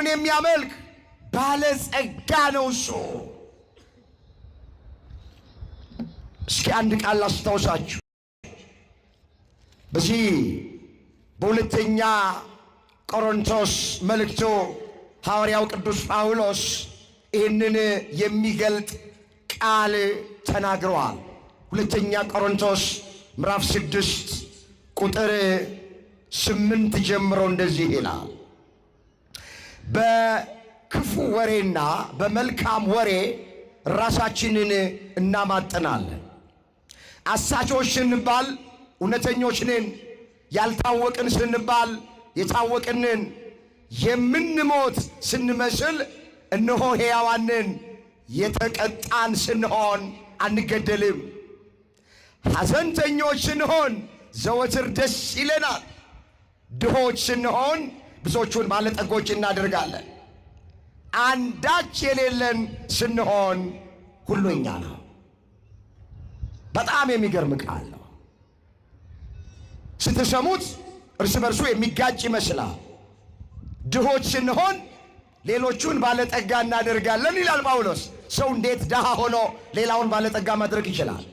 እግዚአብሔርን የሚያመልክ ባለጸጋ ነው እሱ። እስኪ አንድ ቃል አስታውሳችሁ በዚህ በሁለተኛ ቆሮንቶስ መልእክቱ ሐዋርያው ቅዱስ ጳውሎስ ይህንን የሚገልጥ ቃል ተናግረዋል። ሁለተኛ ቆሮንቶስ ምዕራፍ ስድስት ቁጥር ስምንት ጀምሮ እንደዚህ ይላል በክፉ ወሬና በመልካም ወሬ ራሳችንን እናማጥናለን። አሳቾች ስንባል እውነተኞች ነን፣ ያልታወቅን ስንባል የታወቅንን፣ የምንሞት ስንመስል እነሆ ሕያዋንን፣ የተቀጣን ስንሆን አንገደልም፣ ሐዘንተኞች ስንሆን ዘወትር ደስ ይለናል፣ ድሆች ስንሆን ብዙዎቹን ባለጠጎች እናደርጋለን። አንዳች የሌለን ስንሆን ሁሉ እኛ ነው። በጣም የሚገርም ቃል ነው። ስትሰሙት እርስ በርሱ የሚጋጭ ይመስላል። ድሆች ስንሆን ሌሎቹን ባለጠጋ እናደርጋለን ይላል ጳውሎስ። ሰው እንዴት ድሃ ሆኖ ሌላውን ባለጠጋ ማድረግ ይችላል?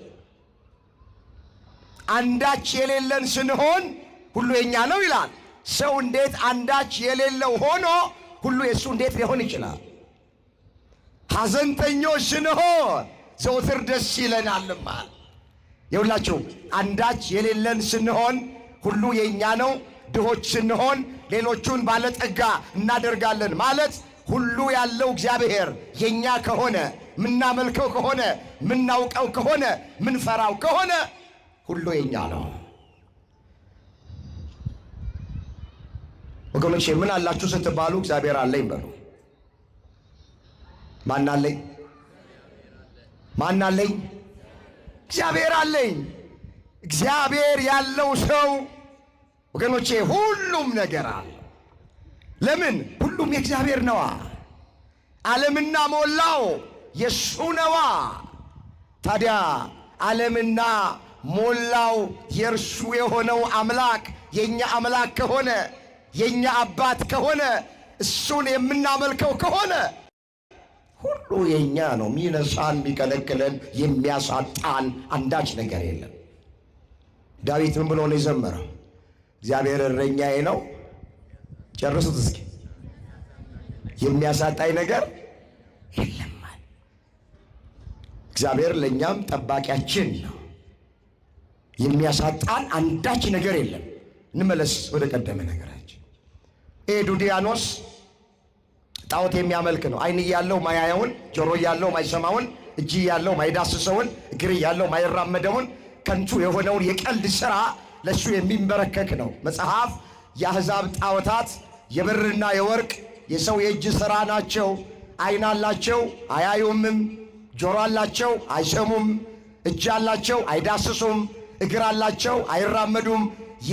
አንዳች የሌለን ስንሆን ሁሉ የኛ ነው ይላል። ሰው እንዴት አንዳች የሌለው ሆኖ ሁሉ የእሱ እንዴት ሊሆን ይችላል? ሐዘንተኞች ስንሆን ዘውትር ደስ ይለናልማ። የሁላችሁ አንዳች የሌለን ስንሆን ሁሉ የእኛ ነው። ድሆች ስንሆን ሌሎቹን ባለጠጋ እናደርጋለን ማለት ሁሉ ያለው እግዚአብሔር የእኛ ከሆነ ምናመልከው ከሆነ ምናውቀው ከሆነ ምንፈራው ከሆነ ሁሉ የእኛ ነው። ወገኖች ምን አላችሁ ስትባሉ እግዚአብሔር አለኝ በሉ። ማን አለኝ? ማን አለኝ? እግዚአብሔር አለኝ። እግዚአብሔር ያለው ሰው ወገኖቼ ሁሉም ነገር አለ። ለምን? ሁሉም የእግዚአብሔር ነዋ። ዓለምና ሞላው የእሱ ነዋ። ታዲያ ዓለምና ሞላው የእርሱ የሆነው አምላክ የእኛ አምላክ ከሆነ የእኛ አባት ከሆነ እሱን የምናመልከው ከሆነ ሁሉ የእኛ ነው። የሚነሳን፣ የሚከለክለን፣ የሚያሳጣን አንዳች ነገር የለም። ዳዊት ምን ብሎ ነው የዘመረው? እግዚአብሔር እረኛዬ ነው። ጨርሱት እስኪ። የሚያሳጣኝ ነገር የለም። እግዚአብሔር ለእኛም ጠባቂያችን ነው። የሚያሳጣን አንዳች ነገር የለም። እንመለስ ወደ ቀደመ ነገር ኤዱዲያኖስ ጣዖት የሚያመልክ ነው። አይን እያለው ማያየውን፣ ጆሮ እያለው ማይሰማውን፣ እጅ እያለው ማይዳስሰውን፣ እግር እያለው ማይራመደውን ከንቱ የሆነውን የቀልድ ስራ ለእሱ የሚንበረከክ ነው። መጽሐፍ የአሕዛብ ጣዖታት የብርና የወርቅ የሰው የእጅ ሥራ ናቸው። አይን አላቸው አያዩምም፣ ጆሮ አላቸው አይሰሙም፣ እጅ አላቸው አይዳስሱም፣ እግር አላቸው አይራመዱም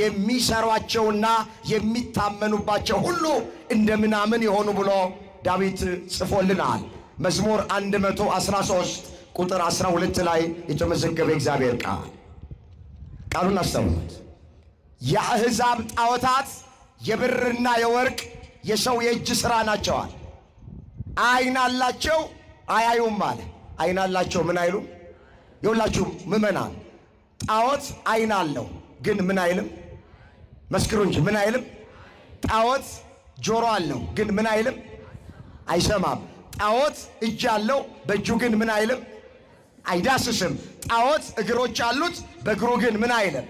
የሚሰሯቸውና የሚታመኑባቸው ሁሉ እንደምናምን የሆኑ ብሎ ዳዊት ጽፎልናል። መዝሙር 113 ቁጥር 12 ላይ የተመዘገበ እግዚአብሔር ቃል ቃሉን አስተውሉት። የአሕዛብ ጣዖታት የብርና የወርቅ የሰው የእጅ ሥራ ናቸዋል። አይን አላቸው አያዩም አለ። አይን አላቸው ምን አይሉም። የሁላችሁ ምእመናን ጣዖት አይን አለው ግን ምን አይልም መስክሩ እንጂ ምን አይልም። ጣዖት ጆሮ አለው ግን ምን አይልም፣ አይሰማም። ጣዖት እጅ አለው በእጁ ግን ምን አይልም፣ አይዳስስም። ጣዖት እግሮች አሉት በእግሩ ግን ምን አይልም።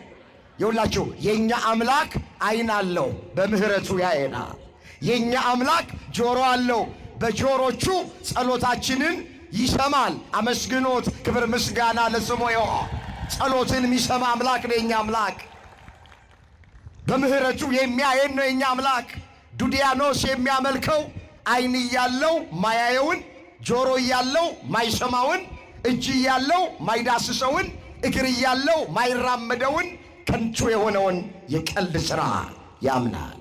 የሁላችሁ የእኛ አምላክ አይን አለው በምህረቱ ያየናል። የእኛ አምላክ ጆሮ አለው በጆሮቹ ጸሎታችንን ይሰማል። አመስግኖት ክብር ምስጋና ለስሙ ይሆ ጸሎትን የሚሰማ አምላክ ነው የእኛ አምላክ። በምህረቱ የሚያየን ነው የኛ አምላክ። ዱዲያኖስ የሚያመልከው አይን እያለው ማያየውን፣ ጆሮ እያለው ማይሰማውን፣ እጅ እያለው ማይዳስሰውን፣ እግር እያለው ማይራመደውን ከንቱ የሆነውን የቀልድ ሥራ ያምናል።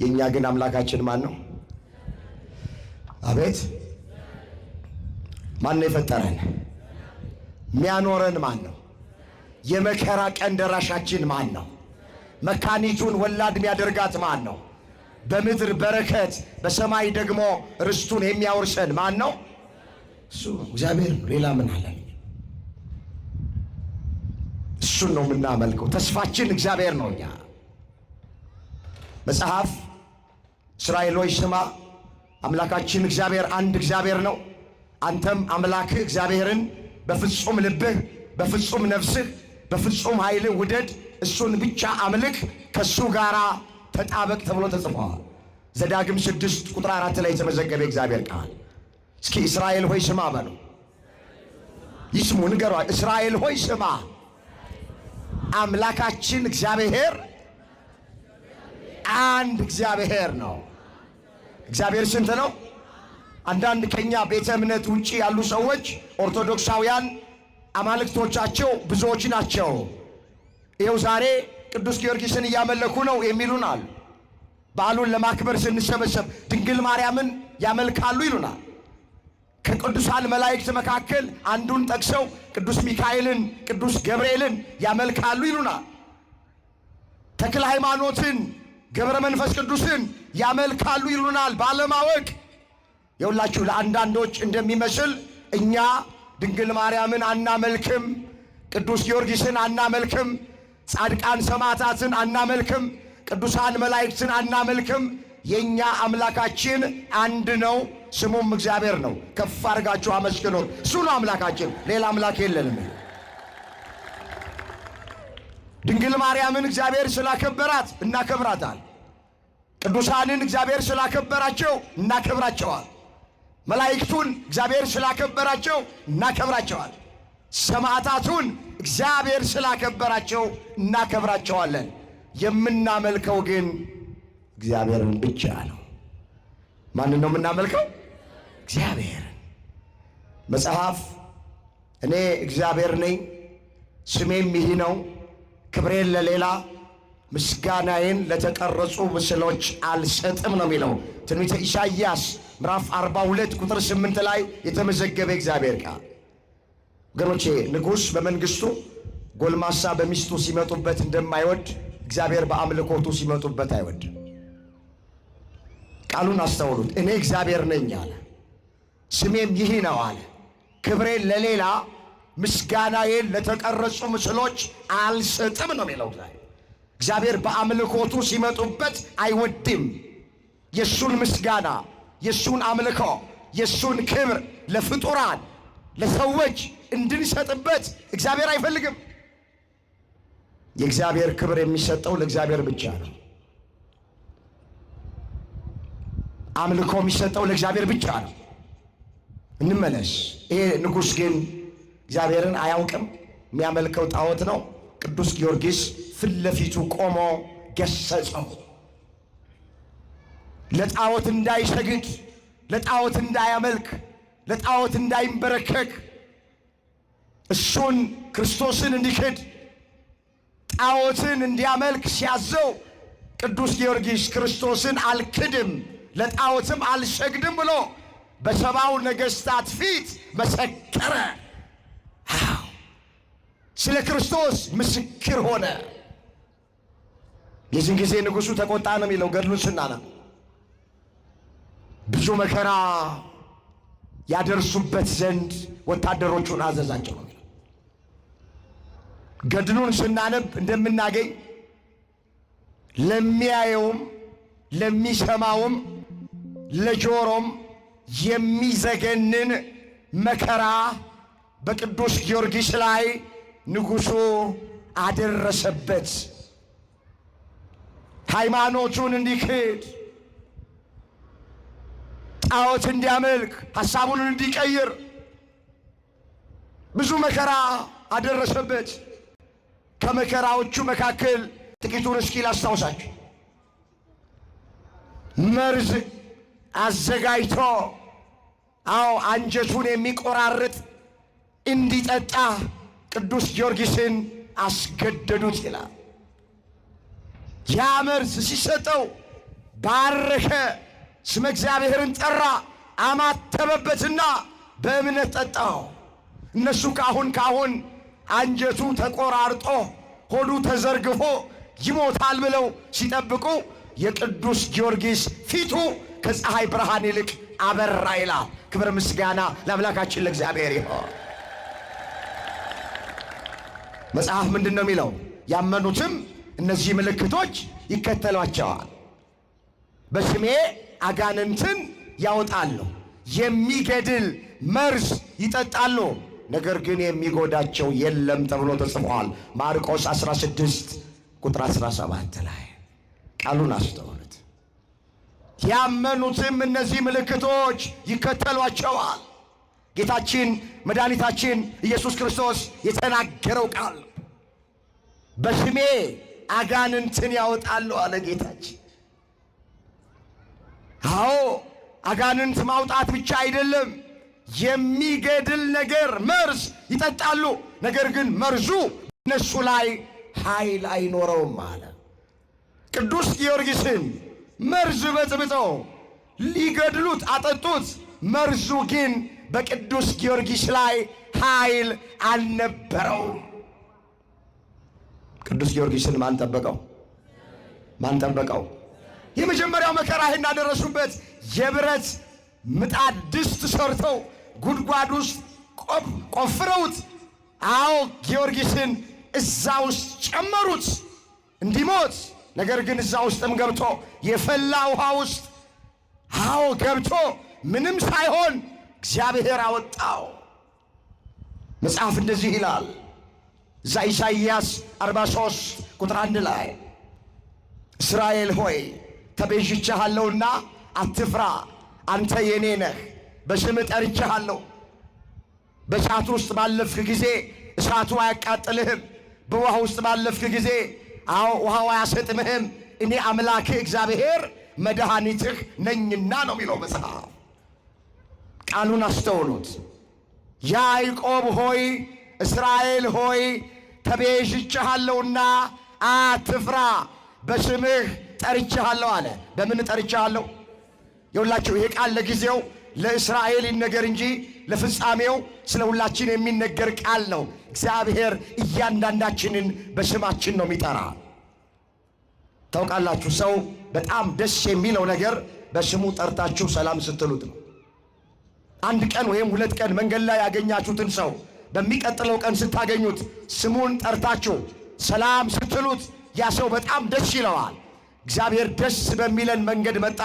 የእኛ ግን አምላካችን ማን ነው? አቤት ማን ነው የፈጠረን? የሚያኖረን ማን ነው? የመከራ ቀን ደራሻችን ማን ነው? መካኒቱን ወላድ የሚያደርጋት ማን ነው? በምድር በረከት በሰማይ ደግሞ ርስቱን የሚያወርሰን ማን ነው? እሱ እግዚአብሔር። ሌላ ምን አለን? እሱን ነው የምናመልከው። ተስፋችን እግዚአብሔር ነው። እኛ መጽሐፍ እስራኤሎች ስማ፣ አምላካችን እግዚአብሔር አንድ እግዚአብሔር ነው። አንተም አምላክህ እግዚአብሔርን በፍጹም ልብህ፣ በፍጹም ነፍስህ፣ በፍጹም ኃይልህ ውደድ እሱን ብቻ አምልክ፣ ከእሱ ጋር ተጣበቅ ተብሎ ተጽፏል። ዘዳግም ስድስት ቁጥር አራት ላይ የተመዘገበ እግዚአብሔር ቃል። እስኪ እስራኤል ሆይ ስማ በሉ፣ ይስሙ፣ ንገሯል። እስራኤል ሆይ ስማ፣ አምላካችን እግዚአብሔር አንድ እግዚአብሔር ነው። እግዚአብሔር ስንት ነው? አንዳንድ ከኛ ቤተ እምነት ውጪ ያሉ ሰዎች ኦርቶዶክሳውያን አማልክቶቻቸው ብዙዎች ናቸው። ይኸው ዛሬ ቅዱስ ጊዮርጊስን እያመለኩ ነው የሚሉን አሉ። በዓሉን ለማክበር ስንሰበሰብ ድንግል ማርያምን ያመልካሉ ይሉናል። ከቅዱሳን መላእክት መካከል አንዱን ጠቅሰው ቅዱስ ሚካኤልን፣ ቅዱስ ገብርኤልን ያመልካሉ ይሉናል። ተክለ ሃይማኖትን፣ ገብረ መንፈስ ቅዱስን ያመልካሉ ይሉናል። ባለማወቅ የሁላችሁ ለአንዳንዶች እንደሚመስል እኛ ድንግል ማርያምን አናመልክም፣ ቅዱስ ጊዮርጊስን አናመልክም ጻድቃን ሰማዕታትን አናመልክም፣ ቅዱሳን መላእክትን አናመልክም። የእኛ አምላካችን አንድ ነው፣ ስሙም እግዚአብሔር ነው። ከፍ አድርጋችሁ አመስግኖት። እሱ ነው አምላካችን፣ ሌላ አምላክ የለንም። ድንግል ማርያምን እግዚአብሔር ስላከበራት እናከብራታል። ቅዱሳንን እግዚአብሔር ስላከበራቸው እናከብራቸዋል። መላእክቱን እግዚአብሔር ስላከበራቸው እናከብራቸዋል። ሰማዕታቱን እግዚአብሔር ስላከበራቸው እናከብራቸዋለን። የምናመልከው ግን እግዚአብሔርን ብቻ ነው። ማንን ነው የምናመልከው? እግዚአብሔርን። መጽሐፍ እኔ እግዚአብሔር ነኝ፣ ስሜም ይህ ነው፣ ክብሬን ለሌላ ምስጋናዬን ለተቀረጹ ምስሎች አልሰጥም ነው የሚለው ትንቢተ ኢሳይያስ ምዕራፍ 42 ቁጥር 8 ላይ የተመዘገበ እግዚአብሔር ቃል ወገኖቼ ንጉሥ በመንግስቱ ጎልማሳ በሚስቱ ሲመጡበት እንደማይወድ እግዚአብሔር በአምልኮቱ ሲመጡበት አይወድ። ቃሉን አስተውሉት። እኔ እግዚአብሔር ነኝ አለ፣ ስሜም ይህ ነው አለ። ክብሬን ለሌላ ምስጋናዬን ለተቀረጹ ምስሎች አልሰጥም ነው የሚለው እግዚአብሔር በአምልኮቱ ሲመጡበት አይወድም። የእሱን ምስጋና፣ የእሱን አምልኮ፣ የእሱን ክብር ለፍጡራን ለሰዎች እንድንሰጥበት እግዚአብሔር አይፈልግም። የእግዚአብሔር ክብር የሚሰጠው ለእግዚአብሔር ብቻ ነው። አምልኮ የሚሰጠው ለእግዚአብሔር ብቻ ነው። እንመለስ። ይሄ ንጉሥ ግን እግዚአብሔርን አያውቅም። የሚያመልከው ጣዖት ነው። ቅዱስ ጊዮርጊስ ፊት ለፊቱ ቆሞ ገሰጸው። ለጣዖት እንዳይሰግድ፣ ለጣዖት እንዳያመልክ ለጣዖት እንዳይንበረከክ እሱን ክርስቶስን እንዲክድ ጣዖትን እንዲያመልክ ሲያዘው ቅዱስ ጊዮርጊስ ክርስቶስን አልክድም ለጣዖትም አልሰግድም ብሎ በሰባው ነገሥታት ፊት መሰከረ። ስለ ክርስቶስ ምስክር ሆነ። የዚህን ጊዜ ንጉሡ ተቆጣ ነው የሚለው ገድሉን ስናነብ ብዙ መከራ ያደርሱበት ዘንድ ወታደሮቹን አዘዛቸው ነው የሚለው። ገድሉን ስናነብ እንደምናገኝ ለሚያየውም ለሚሰማውም ለጆሮም የሚዘገንን መከራ በቅዱስ ጊዮርጊስ ላይ ንጉሡ አደረሰበት ሃይማኖቱን እንዲክድ ጣዖት እንዲያመልክ ሐሳቡን እንዲቀይር ብዙ መከራ አደረሰበት። ከመከራዎቹ መካከል ጥቂቱን እስኪ ላስታውሳችሁ። መርዝ አዘጋጅቶ አዎ አንጀቱን የሚቆራርጥ እንዲጠጣ ቅዱስ ጊዮርጊስን አስገደዱት ይላል። ያ መርዝ ሲሰጠው ባረከ። ስመ እግዚአብሔርን ጠራ፣ አማተበበትና በእምነት ጠጣው። እነሱ ካሁን ካሁን አንጀቱ ተቆራርጦ ሆዱ ተዘርግፎ ይሞታል ብለው ሲጠብቁ የቅዱስ ጊዮርጊስ ፊቱ ከፀሐይ ብርሃን ይልቅ አበራ ይላል። ክብር ምስጋና ለአምላካችን ለእግዚአብሔር ይሆን። መጽሐፍ ምንድን ነው የሚለው? ያመኑትም እነዚህ ምልክቶች ይከተሏቸዋል በስሜ አጋንንትን ያወጣሉ፣ የሚገድል መርዝ ይጠጣሉ፣ ነገር ግን የሚጎዳቸው የለም ተብሎ ተጽፏል። ማርቆስ 16 ቁጥር 17 ላይ ቃሉን አስተውሉት። ያመኑትም እነዚህ ምልክቶች ይከተሏቸዋል። ጌታችን መድኃኒታችን ኢየሱስ ክርስቶስ የተናገረው ቃል በስሜ አጋንንትን ያወጣሉ አለ ጌታችን። አዎ አጋንንት ማውጣት ብቻ አይደለም፣ የሚገድል ነገር መርዝ ይጠጣሉ። ነገር ግን መርዙ እነሱ ላይ ኃይል አይኖረውም አለ። ቅዱስ ጊዮርጊስን መርዝ በጥብጠው ሊገድሉት አጠጡት። መርዙ ግን በቅዱስ ጊዮርጊስ ላይ ኃይል አልነበረውም። ቅዱስ ጊዮርጊስን ማን ጠበቀው? ማን ጠበቀው? የመጀመሪያው መከራ ይሄን አደረሱበት። የብረት ምጣድ ድስት ሰርተው ጉድጓድ ውስጥ ቆፍረውት፣ አዎ ጊዮርጊስን እዛ ውስጥ ጨመሩት እንዲሞት። ነገር ግን እዛ ውስጥም ገብቶ የፈላ ውሃ ውስጥ አዎ ገብቶ ምንም ሳይሆን እግዚአብሔር አወጣው። መጽሐፍ እንደዚህ ይላል እዛ ኢሳይያስ 43 ቁጥር አንድ ላይ እስራኤል ሆይ ተቤዥቼሃለሁና አትፍራ፣ አንተ የኔ ነህ። በስም ጠርቼሃለሁ። በእሳት ውስጥ ባለፍክ ጊዜ እሳቱ አያቃጥልህም። በውሃ ውስጥ ባለፍክ ጊዜ አዎ ውሃው አያሰጥምህም። እኔ አምላክህ እግዚአብሔር መድኃኒትህ ነኝና ነው የሚለው መጽሐፍ። ቃሉን አስተውሉት። ያዕቆብ ሆይ እስራኤል ሆይ ተቤዥቼሃለሁና አትፍራ በስምህ ጠርቼሃለሁ አለ። በምን ጠርቼሃለሁ? የሁላችሁ ይሄ ቃል ለጊዜው ለእስራኤል ይነገር እንጂ ለፍጻሜው ስለ ሁላችን የሚነገር ቃል ነው። እግዚአብሔር እያንዳንዳችንን በስማችን ነው የሚጠራ። ታውቃላችሁ፣ ሰው በጣም ደስ የሚለው ነገር በስሙ ጠርታችሁ ሰላም ስትሉት ነው። አንድ ቀን ወይም ሁለት ቀን መንገድ ላይ ያገኛችሁትን ሰው በሚቀጥለው ቀን ስታገኙት ስሙን ጠርታችሁ ሰላም ስትሉት ያ ሰው በጣም ደስ ይለዋል። እግዚአብሔር ደስ በሚለን መንገድ መጣ።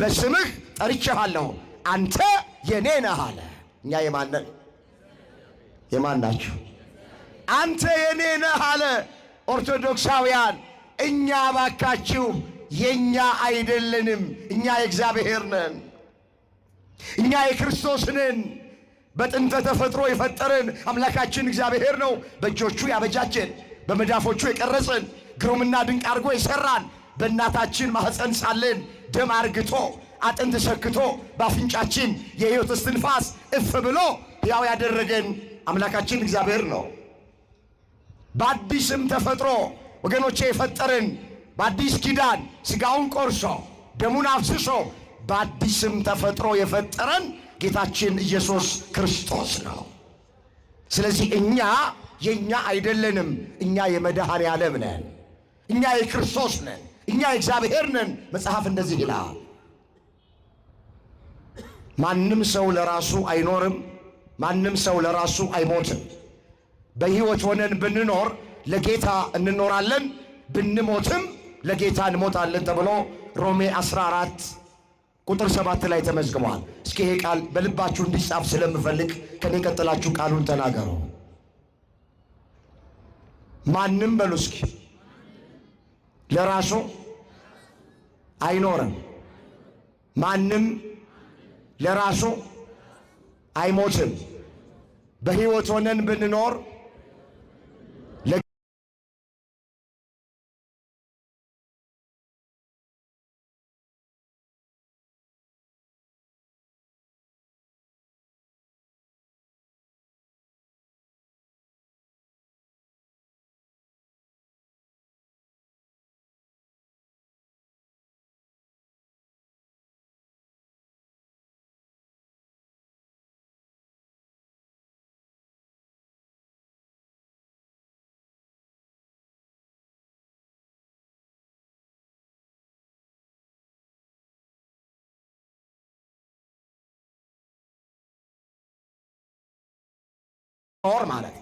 በስምህ ጠርቼሃለሁ፣ አንተ የኔ ነህ አለ። እኛ የማነን የማን ናችሁ? አንተ የኔ ነህ አለ። ኦርቶዶክሳውያን እኛ ባካችሁ የእኛ አይደለንም። እኛ የእግዚአብሔር ነን። እኛ የክርስቶስ ነን። በጥንተ ተፈጥሮ የፈጠረን አምላካችን እግዚአብሔር ነው። በእጆቹ ያበጃችን፣ በመዳፎቹ የቀረጽን፣ ግሩምና ድንቅ አድርጎ የሰራን በእናታችን ማኅፀን ሳለን ደም አርግቶ አጥንት ሸክቶ በአፍንጫችን የህይወት እስትንፋስ እፍ ብሎ ሕያው ያደረገን አምላካችን እግዚአብሔር ነው። በአዲስም ተፈጥሮ ወገኖቼ የፈጠረን በአዲስ ኪዳን ስጋውን ቆርሶ ደሙን አፍስሶ በአዲስም ተፈጥሮ የፈጠረን ጌታችን ኢየሱስ ክርስቶስ ነው። ስለዚህ እኛ የእኛ አይደለንም። እኛ የመድኃኔ ዓለም ነን። እኛ የክርስቶስ ነን። እኛ እግዚአብሔር ነን። መጽሐፍ እንደዚህ ይላል፣ ማንም ሰው ለራሱ አይኖርም፣ ማንም ሰው ለራሱ አይሞትም። በሕይወት ሆነን ብንኖር ለጌታ እንኖራለን፣ ብንሞትም ለጌታ እንሞታለን ተብሎ ሮሜ 14 ቁጥር ሰባት ላይ ተመዝግቧል። እስኪ ይሄ ቃል በልባችሁ እንዲጻፍ ስለምፈልግ ከኔ ቀጥላችሁ ቃሉን ተናገሩ። ማንም በሉ እስኪ ለራሱ አይኖርም፣ ማንም ለራሱ አይሞትም። በሕይወት ሆነን ብንኖር ጦር ማለት